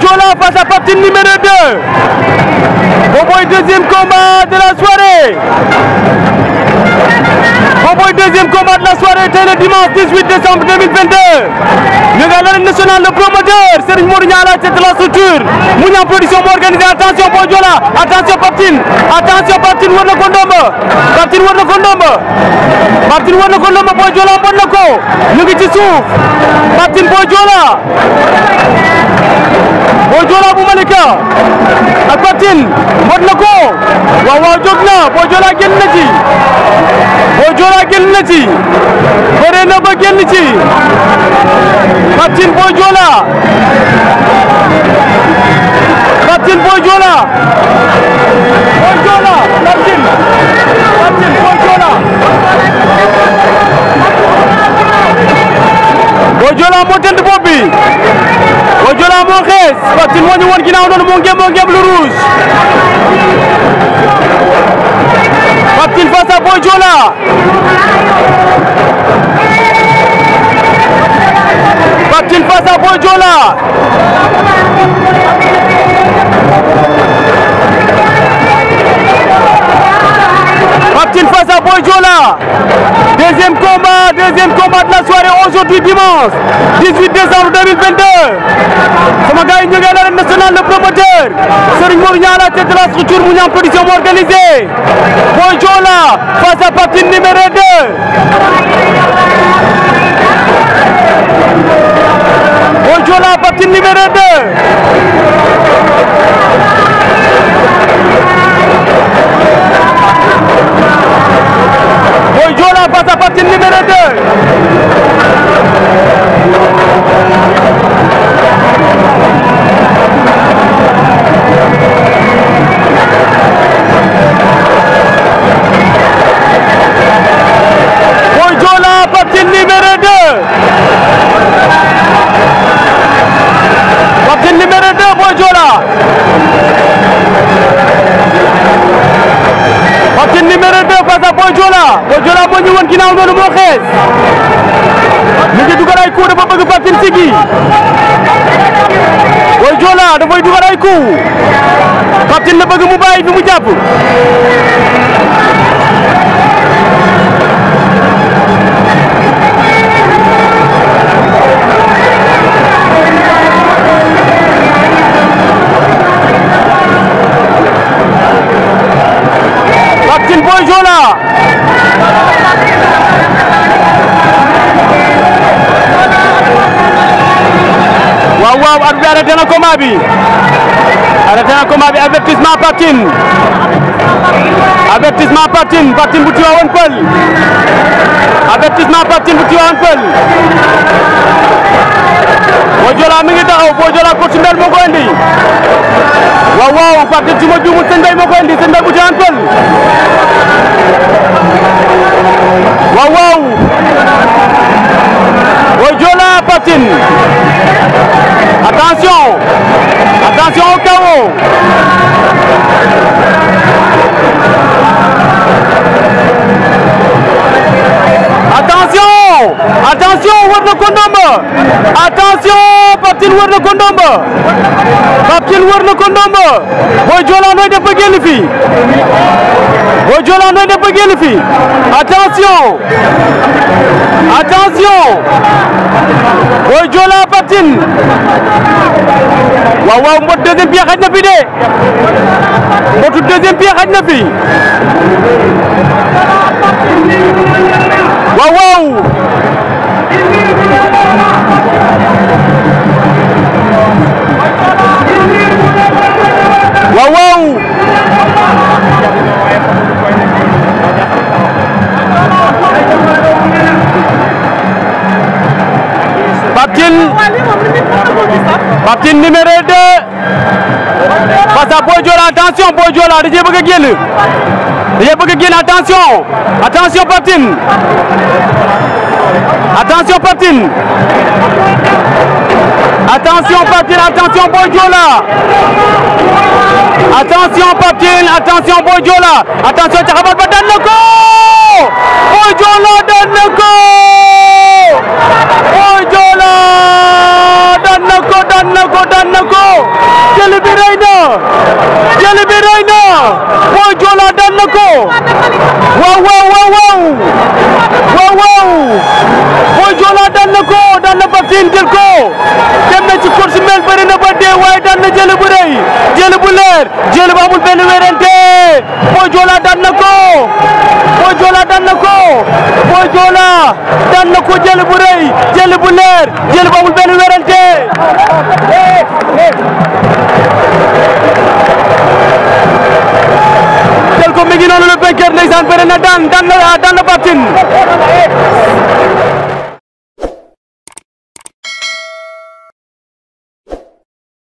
Diola face à Paptine numéro 2. deuxième combat de la soirée. deuxième combat de la soirée, c'est le dimanche 18 décembre 2022. Le le promoteur Serigne Modou tête de la structure Mounia production attention Attention, attention Paptine attention Paptine Paptine Paptine Joola bu Malika ak Batine mot na ko waaw waaw na Boy Joola génn na ci Boy Joola génn na ci bëre na ba génn ci Batine Boy Joola Batine Boy Joola Boy Joola Batine Batine Boy Joola Thiès Fatou moo ñu woon ginnaaw noonu moo ngeem moo ngeem lu rouge Fatou face à Boy Diola Fatou face à Boy Diola Fatou face à Boy deuxième combat deuxième combat de la soirée aujourd'hui dimanche 18 décembre 2022 sama gars yi ñu ngi l'arène nationale le promoteur Serigne Mor Niang à la tête de la structure mu production mu Boy Diola face à Papine numéro 2 Boy Diola Papine numéro 2 Latyne numéro 2 Bojola Bojola bo ñewon ki naaw nonu mo xex ñu ci dugal ay coup dafa bëgg Fatim Sigi Bojola da fay dugal ay coup Fatim na bëgg mu bayyi bi mu waaw arbitre bi arrêté na combat bi arrêté na combat bi avertissement Patine avertissement Patine Patine bu Tivaouane Peul avertissement Patine bu Tivaouane Peul Boy Diola mi ngi taxaw Boy Diola ko ci mbel moo ko indi waaw waaw Patine su ma juumul sëñ Mbaye moo ko indi sëñ Mbaye bu Tivaouane Peul Attention au chaos Attention Attention, le Kondomba Attention, le Wadna Kondomba Paptil Wadna Kondomba Boy Jola de Pagelifi Boy la noix de Pagelifi Attention Attention Boy la patine waaw waaw mbot deuxième pied xaj na fi de mbotu deuxième pied xaj na fi Patine numéro 2 à attention Boy là, attention attention patine. attention patine. attention patine. attention Boy attention patine. attention attention donne le jëli bi rëy na jëli bi rëy na Boy Diola daan na ko waaw waaw waaw waaw waaw waaw Boy Diola daan na ko daan na Batine jël ko dem na ci course mel bëri na ba dee waaye daan na jëli bu rëy jëli bu leer jëli bu amul benn wérante Boy Diola daan na ko Boy Diola daan na ko Boy Diola daan na ko jëli bu rëy jëli bu leer jëli bu amul benn wérante noonu le vainqueur ndeysaan bëri na daan daan na daan na Pape Tine